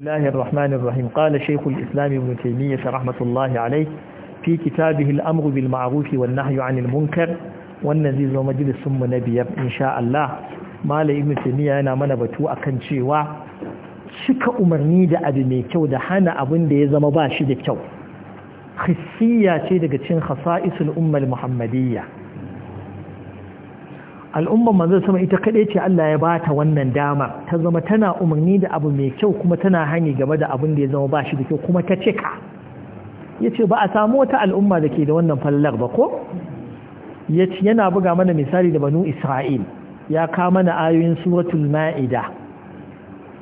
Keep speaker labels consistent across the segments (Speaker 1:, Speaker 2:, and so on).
Speaker 1: الله الرحمن الرحيم قال شيخ الإسلام ابن تيمية رحمة الله عليه في كتابه الأمر بالمعروف والنهي عن المنكر والنزيز ومجلس ثم نبي إن شاء الله ما ابن تيمية أنا من بتوء كان شيوا شك أمرني دا أبي ميكو دا حانا أبن دي زمباشي دا خصية تيدك تين خصائص الأمة المحمدية al'umman manzo sama ita kaɗai ce Allah ya ba ta wannan dama ta zama tana umarni da abu mai kyau kuma tana hani game da abin da ya zama bashi da kyau kuma ta cika yace ba a samu wata al'umma da ke da wannan fallar ba ko yace yana buga mana misali da banu Isra'il ya ka mana ayoyin suratul ma'ida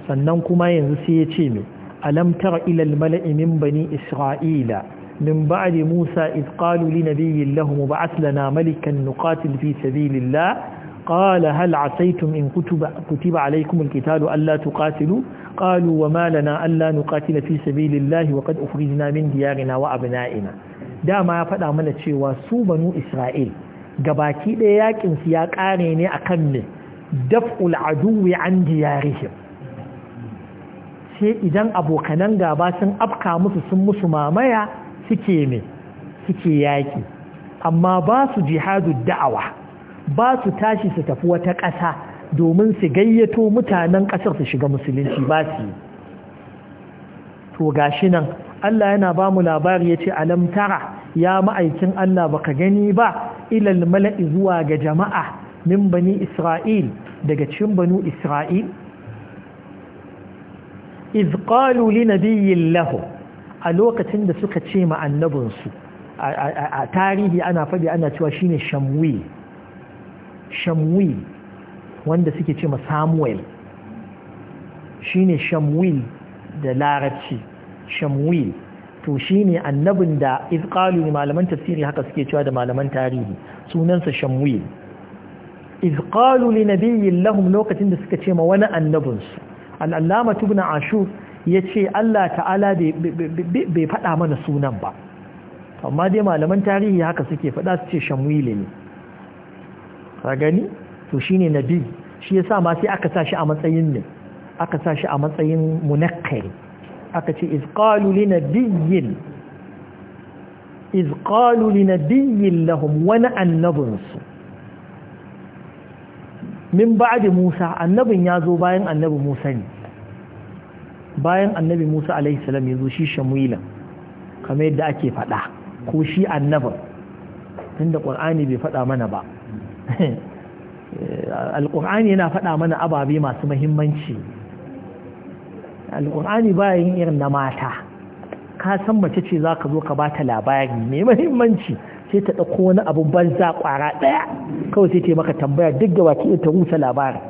Speaker 1: sannan kuma yanzu sai ya ce mai alam tara malai min bani isra'ila min ba'di Musa iz qalu li nabiyyin lahum ba'ath lana malikan nuqatil fi sabilillah قال هل عسيتم إن كتب, كتب عليكم القتال ألا تقاتلوا قالوا وما لنا ألا نقاتل في سبيل الله وقد أخرجنا من ديارنا وأبنائنا dama ya faɗa mana cewa su banu Isra'il gabaki ɗaya yakin su ya ƙare ne akan ne daf'ul aduwi an diyarihim sai idan abokanan gaba sun afka musu sun musu mamaya suke ne suke yaki amma ba su jihadu da'awa ba su tashi su tafi wata ƙasa domin su gayyato mutanen ƙasar su shiga musulunci ba su yi. to gashi nan Allah yana ba mu labari ya ce alam ya ma'aikin Allah ba ka gani ba ilal mala'i zuwa ga jama'a min bani Isra'il daga cin banu Isra'il iz qalu li nabiyyin lahu a lokacin da suka ce ma annabinsu a tarihi ana faɗi ana cewa shine shamwi shamwil wanda suke ce ma samuel shine shamwil da larabci shamwil to shine annabin da izqalu malaman tafsiri haka suke cewa da malaman tarihi sunansa shamwil izqalu li nabiyyin lahum lokacin da suka ce ma wani annabinsu al'allama tubna ashur ya ce Allah ta'ala bai faɗa mana sunan ba amma dai malaman tarihi haka suke faɗa su ce ne ka gani to shine nabi shi yasa ma sai aka sa shi a matsayin ne aka sa shi a matsayin munakkari aka ce izqalu linabiyyin izqalu linabiyyin lahum wani annabinsu min ba'di Musa annabin ya zo bayan annabi Musa ne bayan annabi Musa alaihi salam ya zo shi Shamuila kamar yadda ake faɗa ko shi annabin tunda Qur'ani bai faɗa mana ba alƙur'ani yana faɗa mana ababe masu mahimmanci alƙur'ani yin irin na mata ka san mace ce za ka zo ka bata labari mai mahimmanci sai ta ɗauko wani abu banza ƙwara ɗaya kawai sai ta yi maka tambaya duk da baki ta rusa labarin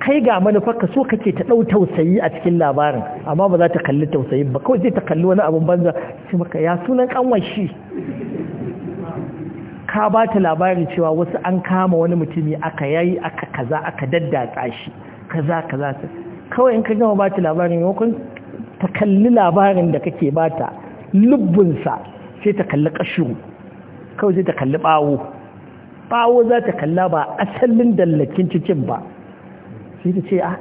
Speaker 1: kai ga ka so kake ta ɗau tausayi a cikin labarin amma ba za ta kalli tausayi ba kawai sai ta kalli wani abu banza sai maka ya sunan ƙanwar ka ba ta labarin cewa wasu an kama wani mutumi aka yayi aka kaza aka daddatsa shi kaza kaza kawai in ka gama ba ta labarin yankun ta kalli labarin da kake ba ta lubbinsa sai ta kalli ƙashiru kawai sai ta kalli ɓawo ɓawo za ta kalla ba asalin dallakin cikin ba sai ta ce a ah,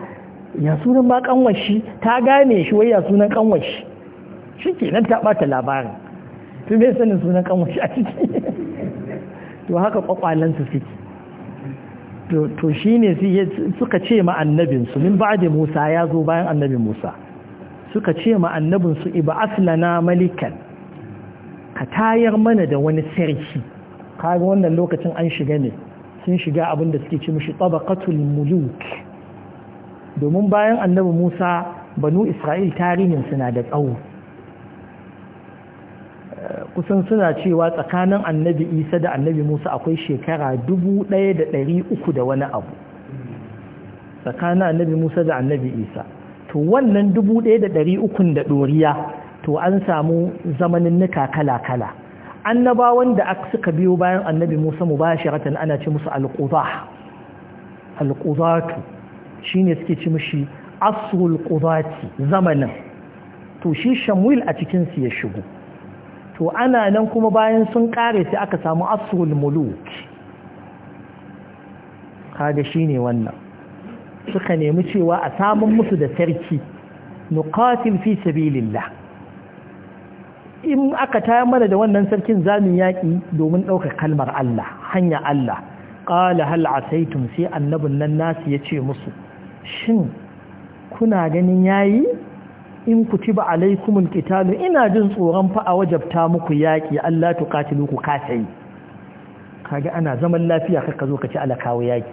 Speaker 1: ya sunan ba kanwashi ta gane shi wai ya sunan kanwashi shi ke nan ta ta labarin tun bai sanin sunan kanwashi a ciki to haka kwakwalansu suke to shi ne suka ce ma annabinsu min ba da musa ya zo bayan annabin musa suka ce ma annabinsu iba aslana malikan ka tayar mana da wani sarki kaga wannan lokacin an shiga ne sun shiga abin da suke ce mishi tabaqatul muluk domin bayan annabi Musa banu Isra'il tarihin suna da tsawo kusan suna cewa tsakanin annabi isa da annabi musa akwai shekara dubu ɗaya da ɗari uku da wani abu tsakanin annabi musa da annabi isa to wannan dubu ɗaya da ɗari ukun da ɗoriya to an samu zamanin zamaninnika kala-kala annabawan da aka suka biyo bayan annabi musa mu ba ana ce musu alƙuza alƙuzatu shi ne suke ci mushi asrul ƙuzati zamanin to shi shamuil a cikinsu ya shigo to ana nan kuma bayan sun kare sai aka samu asrul muluk kaga shine wannan suka nemi cewa a samun musu da sarki nuqatil fi sabilillah in aka taya mana da wannan sarkin zamin yaki domin daukar kalmar Allah hanya Allah qala hal asaitum sai annabun nan nasu yace musu shin kuna ganin yayi in ku ci ba alaikumul ƙitalu ina jin tsoron fa a wajabta muku yaƙi. Allah katilu ku kasai kaga ana zaman lafiya ka zo ka ci alakawo yaki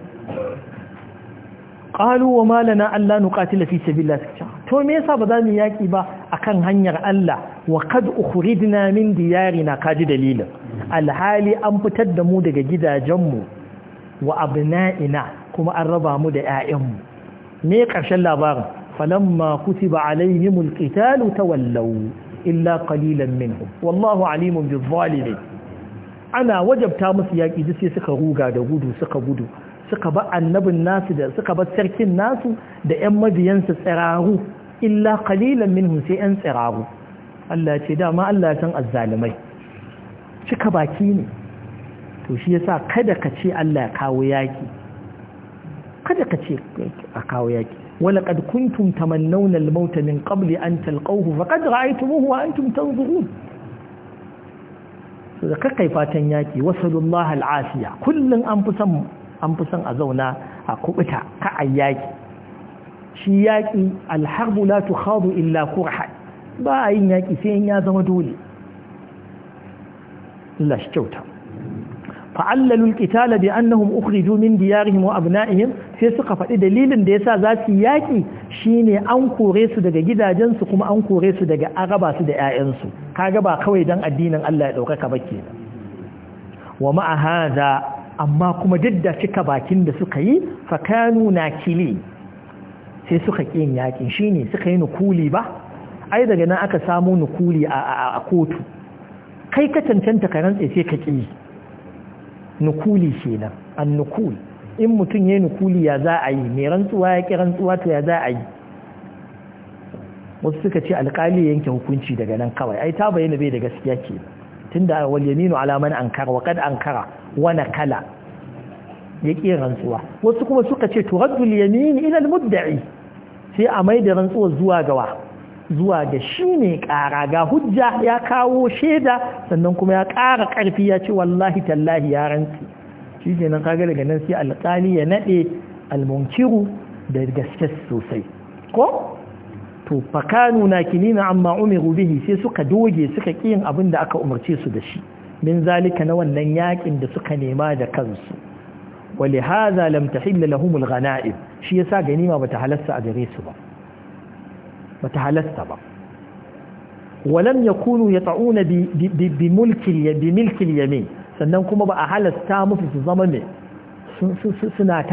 Speaker 1: qalu wa ma lana alla nuqatila fi sabilillah to me yasa ba za mu yaki ba akan hanyar Allah wa kad ukhridna min diyarina kaji dalilin alhali an fitar da mu daga gidajenmu wa abna'ina kuma an raba mu da 'ya'yanmu me karshen labarin فلما كتب عليهم القتال تولوا إلا قليلا منهم والله عليم بالظالمين أنا وجبت مسيا إذا سيسك غوغا دغودو سك غودو سك با النبي الناس ده سك با سركين الناس ده أما مدينس سراغو إلا قليلا منهم سيئن سراغو سرارو تدا ما dama Allah san azzalimai باكيني to shi yasa kada ka ce Allah ya kawo yaki kada ka ce a kawo yaki ولقد كنتم تمنون الموت من قبل أن تلقوه فقد رأيتموه وأنتم تنظرون kai fatan yaki wasallallahu al'afiya kullun an fi son an fi son a zauna a kubuta ka yaƙi. shi yaki alharbu la tukhadu illa kurhan ba a yin yaƙi sai ya zama dole Allah kyauta fa'allalul qitala bi annahum ukhriju min diyarihim wa abna'ihim sai suka faɗi dalilin da yasa za su yaki shine an kore su daga gidajensu kuma an kore su daga araba su da yayansu kaga ba kawai dan addinin Allah ya ɗaukaka ba ke wa ma'a amma kuma duk da cika bakin da suka yi fa kanu kili sai suka kiyin yakin shine suka yi nukuli ba ai daga nan aka samu nukuli a kotu kai ka cancanta ka rantse sai ka kiyi nukuli kenan an nukul in mutum ya nukuli ya za a yi mai rantsuwa ya ƙi rantsuwa to ya za a yi wasu suka ce alkali yanke hukunci daga nan kawai ai ta bayyana bai da gaskiya ke tunda wal yaminu ala man ankara wa kad ankara wa kala ya ƙi rantsuwa wasu kuma suka ce to raddul yamin ila al mudda'i sai a mai da rantsuwa zuwa gawa zuwa ga shi ne ƙara ga hujja ya kawo shaida sannan kuma ya ƙara ƙarfi ya ce wallahi tallahi ya rantsi shi ke nan kaga daga nan sai alƙali ya naɗe almunkiru da gaske sosai ko to fakanu na kinina amma umiru bihi sai suka doge suka ƙi abin da aka umarce su da shi min zalika na wannan yakin da suka nema da kansu lam tahilla lahumul ghana'ib Shi yasa ganima bata شيء a gare su ba. bata halasta ba walam ya kunu bi bi mulkil bi milkil yamin sannan kuma ba a halasta musu su zama ne suna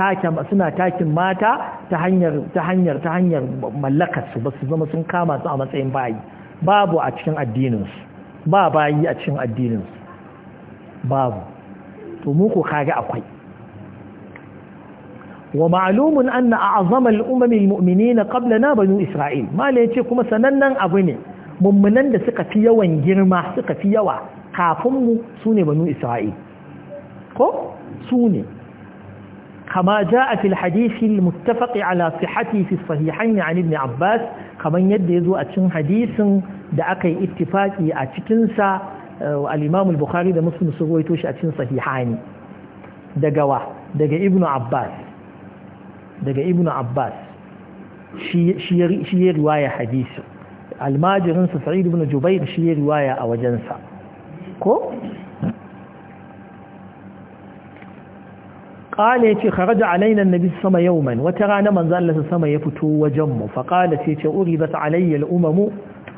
Speaker 1: takin mata ta hanyar ta hanyar ba su zama sun kama su a matsayin bayi babu a cikin addininsu, ba bayi a cikin addininsu, babu to mu ko kaga akwai ومعلوم أن أعظم الأمم المؤمنين قبلنا بنو إسرائيل ما ليتي كما سننن أبني ممنن دا سكا في يوا جرما سكا في يوا كافم سوني بنو إسرائيل كو سوني كما جاء في الحديث المتفق على صحته في الصحيحين عن ابن عباس كما يدزو أتشن حديث دا أكي اتفاقي أتشكنسا الإمام البخاري دا مسلم سويتوش أتشن صحيحاني دا قوا دا ابن عباس daga Ibnu abbas shi ya riwaya hadisi almajirinsa sa'id ibn jubair shi riwaya a wajensa ko? kala ya ce kharaja alainan nabi sama yauman wata rana manzo Allah sama ya fito wajenmu fa kala ce ce uribat alayya al'ummu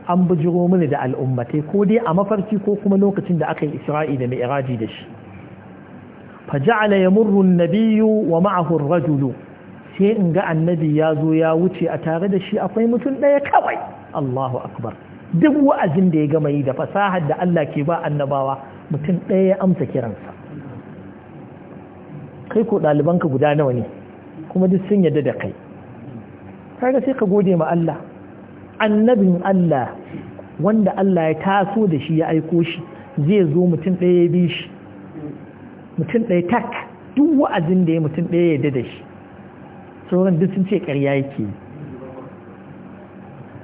Speaker 1: an bujiro mini da al'ummatai ko dai a mafarki ko kuma lokacin da aka yi isra'i da mai'raji da shi fa ja'ala yamurru an-nabiyyu wa ma'ahu ar-rajulu sai in ga annabi ya zo ya wuce a tare da shi akwai mutum ɗaya kawai Allahu akbar duk wa'azin da ya gama yi da fasahar da Allah ke ba annabawa mutum ɗaya ya amsa kiransa kai ko ɗalibanka guda nawa ne kuma duk sun yadda da kai kaga sai ka gode ma Allah annabin Allah wanda Allah ya taso da shi ya aiko shi zai zo mutum ɗaya ya bi shi mutum ɗaya tak duk wa'azin da ya mutum ɗaya ya yadda da shi sauran duk sun ce ƙarya yake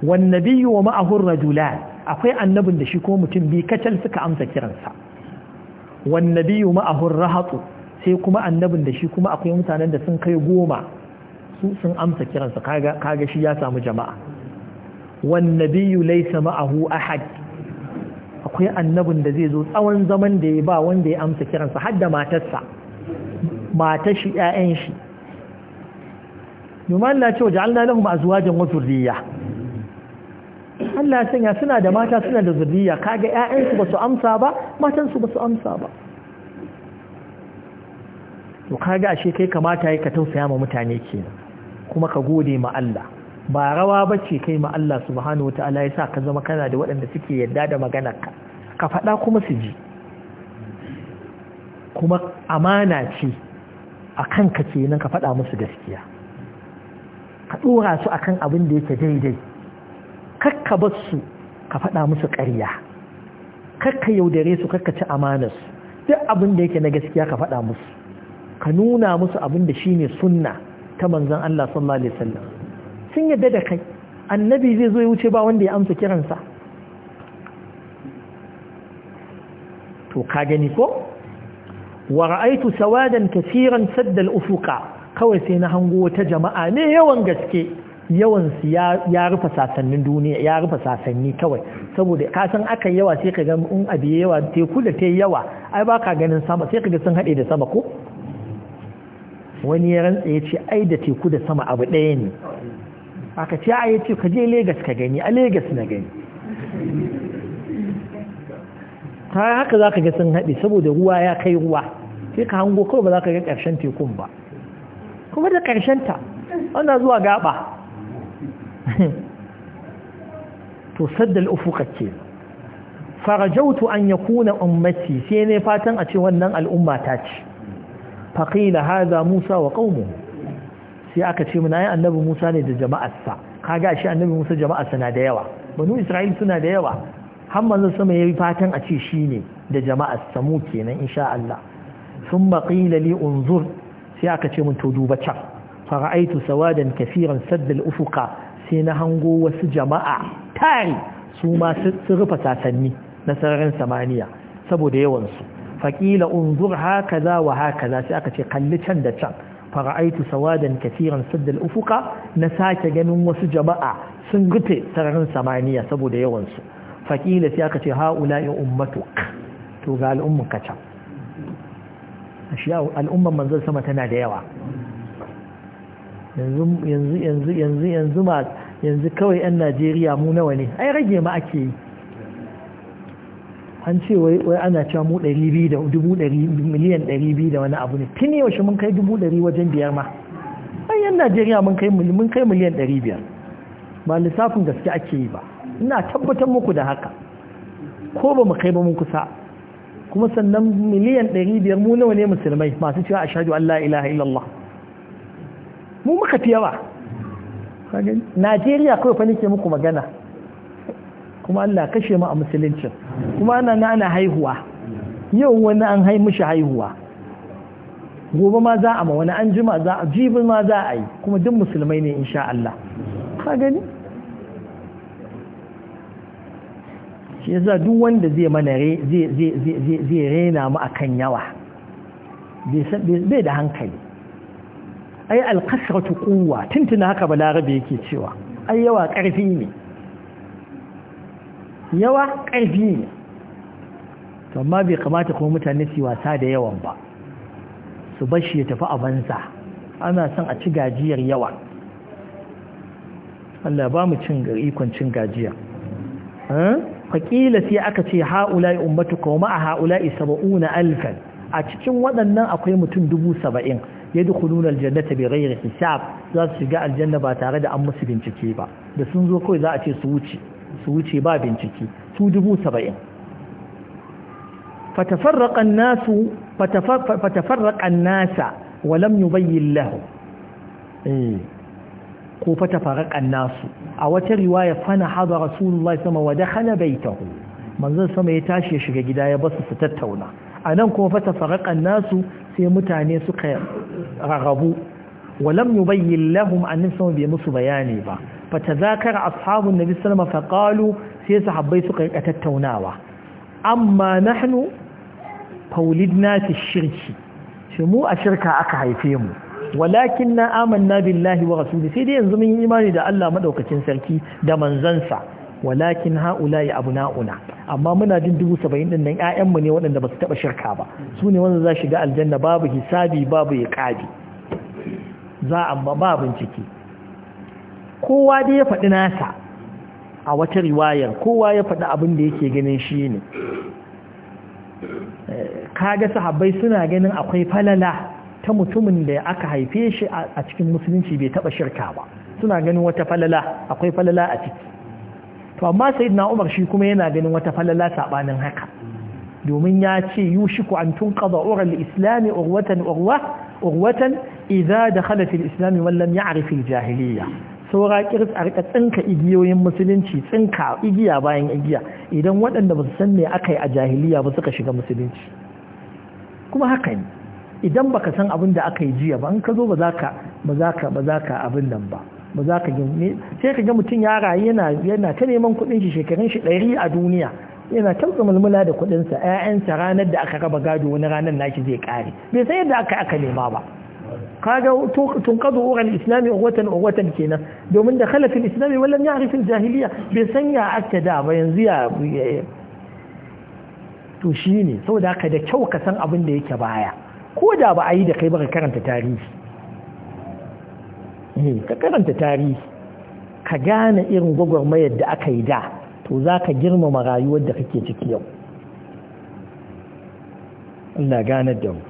Speaker 1: wan nabiyyu wa ma'ahu rajulan akwai annabin da shi ko mutum bi kacal suka amsa kiransa wan biyu ma'ahu rahatu sai kuma annabin da shi kuma akwai mutanen da sun kai goma su sun amsa kiransa kaga shi ya samu jama'a wan biyu laisa ma'ahu ahad akwai annabin da zai zo tsawon zaman da ya ba wanda ya amsa kiransa har matarsa matashi 'ya'yan shi domin Allah ce waje Allah lahum azwajan wa zurriya Allah sanya suna da mata suna da zurriya kaga ƴaƴansu ba su amsa ba matansu ba su amsa ba to kaga ashe kai kamata yi ka tausaya ma mutane kenan kuma ka gode ma Allah ba rawa bace kai ma Allah subhanahu wataala yasa ka zama kana da waɗanda suke yadda da maganarka ka faɗa kuma su ji kuma amana ce a kanka kenan ka faɗa musu gaskiya ka ɗora su akan abin da yake daidai kakka bar su ka faɗa musu ƙarya kakka yaudare su kakka ci amanarsu duk abin da yake na gaskiya ka faɗa musu ka nuna musu abin da shine sunna ta manzon Allah sallallahu alaihi wasallam sun yadda da kai annabi zai zo ya wuce ba wanda ya amsa kiransa to ka gani ko wa ra'aytu sawadan kaseeran sadda al-ufuqa kawai sai na hango wata jama'a ne yawan gaske yawan su ya rufe sasannin duniya ya rufe sasanni kawai saboda ka san aka yawa sai ka ga in abi yawa teku da ta yawa ai ba ka ganin sama sai ka ga sun haɗe da sama ko wani ya rantsa ya ce ai da teku da sama abu ɗaya ne aka ce a ya ce ka je Legas ka gani a Legas na gani ta haka za ka ga sun haɗe saboda ruwa ya kai ruwa sai ka hango kawai ba za ka ga ƙarshen tekun ba kuma da ta, ana zuwa gaba to saddal ufuka farajautu an ya kuna ummati sai ne fatan a ce wannan al'umma ta ce faƙila haza musa wa ƙaunu sai aka ce muna yin annabi musa ne da jama'arsa ga shi annabi musa jama'arsa na da yawa banu isra'il suna da yawa har manzo sama yi fatan a ce shi ne da jama'arsa mu kenan insha Allah sun maƙila li unzur sai aka ce mun to duba can fara'aitu sawadan kafiran saddal ufuka sai na hango wasu jama'a tare su ma sun rufe sasanni na sararin samaniya saboda yawansu faƙila unzur haka za wa haka za sai aka ce kalli can da can fara'aitu sawadan kafiran saddal ufuka na sake ganin wasu jama'a sun rufe sararin samaniya saboda yawansu faƙila sai aka ce ha'ula ya ummatu to ga al'ummun ka can ashiya al'umman manzon sama tana da yawa yanzu yanzu yanzu yanzu ma yanzu kawai 'yan najeriya mu nawa ne ai rage ma ake yi an ce wai ana cewa mu miliyan 200 da wani abu ne tun yaushe mun kai 100 wajen biyar ma ai 'yan najeriya mun kai miliyan 500 ba lissafin gaske ake yi ba ina tabbatar muku da haka ko ba mu kai ba mun kusa kuma sannan miliyan 500 mu nawa ne musulmai masu cewa ashhadu Allah la ilaha illallah mu muka fi yawa Najeriya kawai fa nake muku magana kuma Allah kashe mu a musulunci kuma ana na ana haihuwa yau wani an hai mishi haihuwa gobe ma za a ma wani an jima za a jibin ma za a yi kuma duk musulmai ne insha Allah ka gani shi yasa duk wanda zai mana zai rena mu akan yawa bai da hankali ai alkasratu quwwa tuntuna haka balarabe yake cewa ai yawa karfi ne yawa karfi ne amma bai kamata kuma mutane su wasa da yawan ba su bashi ya tafi a banza ana son a ci gajiyar yawa Allah ba mu cin ikon cin gajiya faƙila sai aka ce ha'ula'i ummatu kawo ma'a ha'ula'i saba'una alfan a cikin waɗannan akwai mutum dubu saba'in ya duk hudunar jannata bai raira hisab za su shiga aljanna ba tare da an musu bincike ba da sun zo kawai za a ce su wuce ba bincike su dubu saba'in fatafarraƙan nasa walam yubayyin lahu eh. ko fata farakan nasu a wata riwaya fana haɗa rasulullahi sama wa dakhala baitahu manzon sama ya tashi ya shiga gida ya basu su tattauna a nan kuma fata farakan nasu sai mutane suka rarrabu ولم يبين لهم أن نفسهم بمس بياني با فتذاكر أصحاب النبي صلى الله عليه وسلم فقالوا سيسا حبيسك faulid أما نحن فولدنا في الشرك شمو aka haife هيفيمو walakin na amanna billahi wa rasuli sai dai yanzu mun yi imani da Allah madaukakin sarki da manzansa walakin haula'i una amma muna jin dubu saba'in din nan mu ne waɗanda ba su taba shirka ba su ne wanda za shiga aljanna babu hisabi babu iqabi za a ba bincike kowa dai ya faɗi nasa a wata riwayar kowa ya faɗi abin da yake ganin shi ne eh, kaga sahabbai suna ganin akwai falala ta mutumin da aka haife shi a cikin musulunci bai taba shirka ba suna ganin wata falala akwai falala a ciki to amma sayyidina Umar shi kuma yana ganin wata falala sabanin haka domin ya ce yushiku an tunqada ural islam urwatan urwa urwatan idza dakhala al islam wa lam ya'rif al jahiliyya saura kirs arka tsinka igiyoyin musulunci tsinka igiya bayan igiya idan waɗanda ba su san me aka a jahiliya ba suka shiga musulunci kuma haka ne idan baka san abin da aka yi jiya ba in ka zo ba za ka ba za ka ba za ka abin nan ba ba za ka gini sai ka ga mutum ya rayu yana yana ta neman kuɗin shi shekarun shi ɗari a duniya yana tausa mulmula da kuɗinsa ƴaƴansa ranar da aka raba gado wani ranar naki zai kare. bai san yadda aka aka nema ba kaga tunqadu uran islami uwatan uwatan kenan domin da khalafin islami wallan ya arifin jahiliya bai san ya aka da ba yanzu ya to shine saboda haka da kyau ka san abin da yake baya ko da ba a yi da kai ba ka karanta tarihi eh, ka karanta tarihi ka gane irin gwagwarmayar da aka yi da to za ka girmama rayuwar da kake ciki yau Allah gane da mu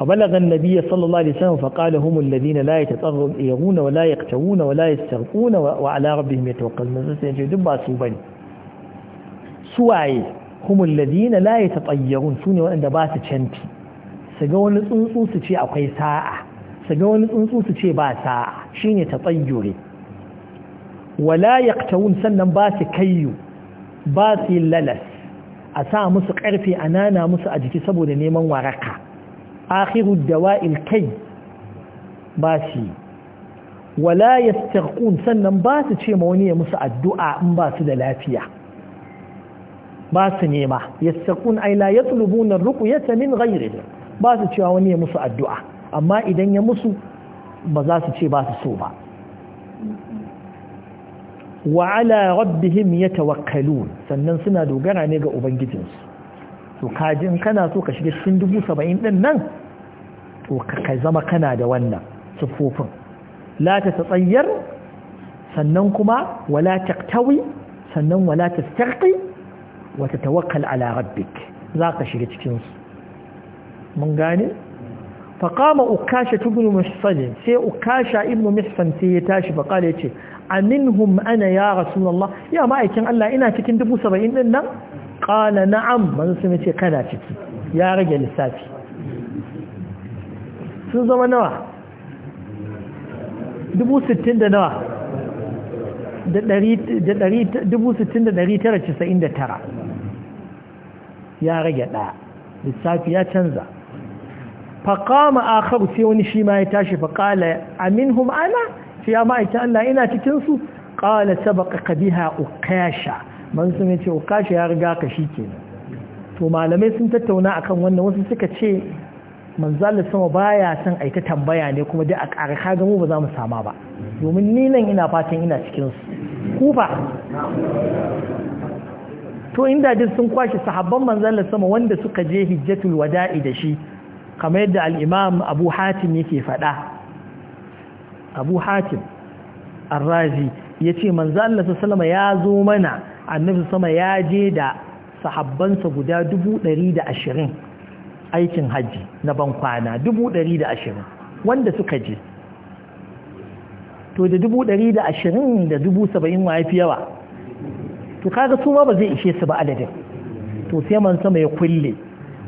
Speaker 1: فبلغ النبي صلى الله عليه وسلم فقال هم الذين لا يتطرون ولا يقتوون ولا يسترقون وعلى ربهم يتوكلون sai ce duk ba su bane suwaye humul ladina tsayyarun su sune waɗanda ba su canti su ga wani tsuntsu su ce akwai sa'a su ga wani tsuntsu su ce ba sa'a shine tatayyure wala yaqtawun sannan ba su kayyu ba su lalas a sa musu karfe a nana musu a jiki saboda neman waraka akhiru dawa'il kai ba shi wala yastaghun sannan ba su ce ma wani ya musu addu'a in ba su da lafiya ba su nema ya ay la yatlubuna ruqyata min raira ba su cewa wani ya musu addu'a amma idan ya musu ba za su ce ba su so ba wa ala rabbihim yatawakkalun sannan suna dogara ne ga ubangijinsu to kaji kana so ka shiga cikin dubu saba'in din nan to ka zama kana da wannan siffofin la ta tsayyar sannan kuma wala taktawi sannan wala tastarqi wata tawakkal ala rabbik za ka shiga cikinsu mun gane faƙama ukasha tubin muhsanin sai ukasha ibn muhsan sai ya tashi faƙala ya ce aminhum ana ya rasulallah ya ma'aikin Allah ina cikin dubu saba'in din nan ƙala na'am manzo sun ce kana ciki ya rage lissafi sun zama nawa dubu sittin da nawa da dubu sittin da ɗari tara casa'in da tara ya rage ɗaya lissafi ya canza faƙama akharu sai wani shi ma ya tashi faƙala aminhum ana sai ya ma'aita Allah ina cikinsu su qala sabaqa ukasha man sun ce ukasha ya riga ka shi ke. to malamai sun tattauna akan wannan wasu suka ce manzalar sama ba ya son aita tambaya ne kuma dai a ƙarƙa gamu ba za mu sama ba domin ni nan ina fatan ina cikinsu ku kufa to inda duk sun kwashi sahabban manzon sama wanda suka je hijjatul wada'i da shi kamar yadda al-imam Abu Hatim yake faɗa Abu Hatim Ar-Razi yace manzon Allah sallama ya zo mana annabi sama ya je da sahabbansa guda 120 aikin haji na ban kwana 120 wanda suka je to da 120 da 70 waye fi yawa to kaga su ma ba zai ishe su ba adadin to sai man sama ya kulle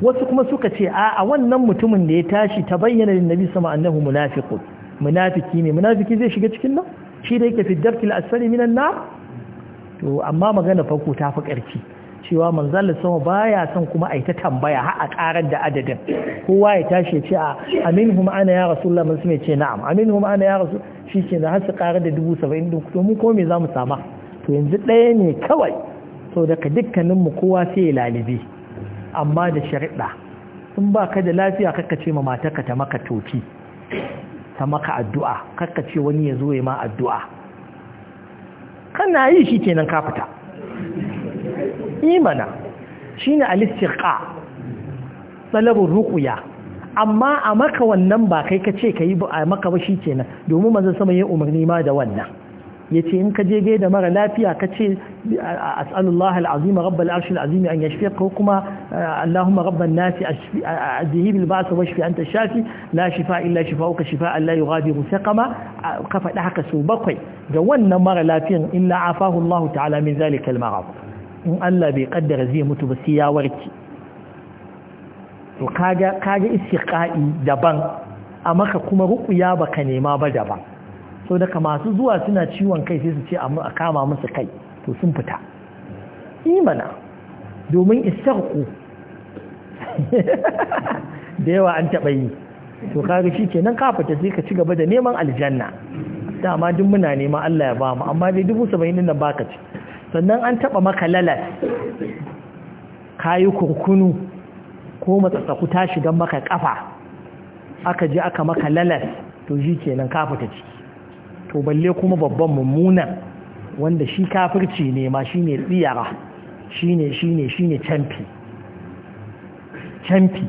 Speaker 1: wasu kuma suka ce a a wannan mutumin da ya tashi ta bayyana lin nabi sama annahu munafiqu, munafiki ne munafiki zai shiga cikin nan shi da yake fi darkil asfali minan nar to amma magana farko ta fi karfi cewa manzalin sama baya son kuma a ta tambaya har a karar da adadin kowa ya tashi ce a aminhum ana ya rasulullah mun ce na'am aminhum ana ya rasul shi ke da har su karar da dubu saba'in din to mu ko me za mu sama to yanzu ɗaya ne kawai so daga dukkaninmu kowa sai lalibi amma da shariɗa in ba ka da lafiya kakka ce ma matarka ta maka toki ta maka addu'a kakka ce wani ya zo ya ma addu'a kana yi shi kenan ka fita imana shine alistiqa talabur ruqya amma a maka wannan ba kai ka ce ka yi maka ba shi kenan domin manzon sama yin umarni ma da wannan ya ce in ka je gai da mara lafiya ka ce as'alullah al'azim rabbal arshil azim an yashfi ko kuma allahumma rabban nasi azhib al ba'sa washfi ta shafi la shifa illa shifauka shifa la yughadiru saqama ka faɗi haka su bakwai ga wannan mara lafiyan illa afahu allah ta'ala min zalika al in allah bai kaddara zai mutu ba sai ya warke to kaga kaga istiqa'i daban a maka kuma ruqya baka nema ba daban so daga masu zuwa suna ciwon kai sai su ce a kama musu kai to sun fita imana domin isarku da yawa an taɓa yi to kaga shi kenan ka fita sai ka ci gaba da neman aljanna dama duk muna neman Allah ya ba mu amma dai dubu saba'in nan baka ci sannan an taɓa maka lalas kayi kurkunu ko matsatsaku ta shigan maka kafa aka je aka maka lalas to shi kenan ka fita ciki to balle kuma babban mummuna wanda shi kafirci ne ma shi ne tsiyara shi ne shi ne shi ne canfi canfi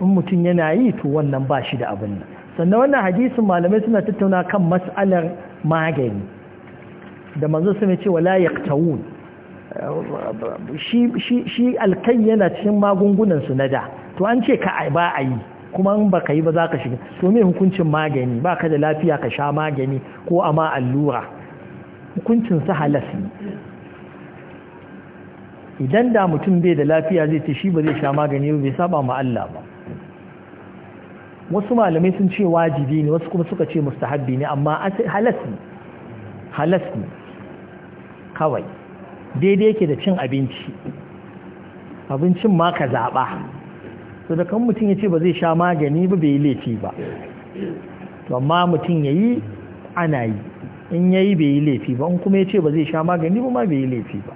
Speaker 1: in mutum yana yi to wannan ba shi da abin nan sannan wannan hadisin malamai suna tattauna kan matsalar magani da manzo suna cewa wala yaqtawun shi shi shi alkai yana cikin magungunan su na da to an ce ka ba a yi kuma in baka yi ba za ka shiga to me hukuncin magani ba ka da lafiya ka sha magani ko a ma allura hukuncin su halas ne idan da mutum bai da lafiya zai ce shi ba zai sha magani ba bai saba ma Allah ba wasu malamai sun ce wajibi ne wasu kuma suka ce mustahabbi ne amma halas ne halas ne kawai daidai yake da cin abinci abincin ma ka zaɓa to da kan mutum ya ce ba zai sha magani ba bai laifi ba to amma mutum ya yi ana yi in ya yi bai laifi ba in kuma ya ce ba zai sha magani ba ma bai laifi ba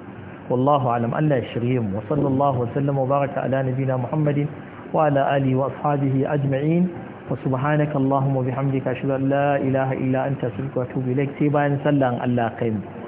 Speaker 1: wallahu alam Allah ya shirye mu sallallahu wasallam wa baraka ala nabina muhammadin wa ala alihi wa ashabihi ajma'in wa subhanaka allahumma bihamdika ashhadu an la ilaha illa anta astaghfiruka wa atubu ilaik sai bayan sallan Allah kai mu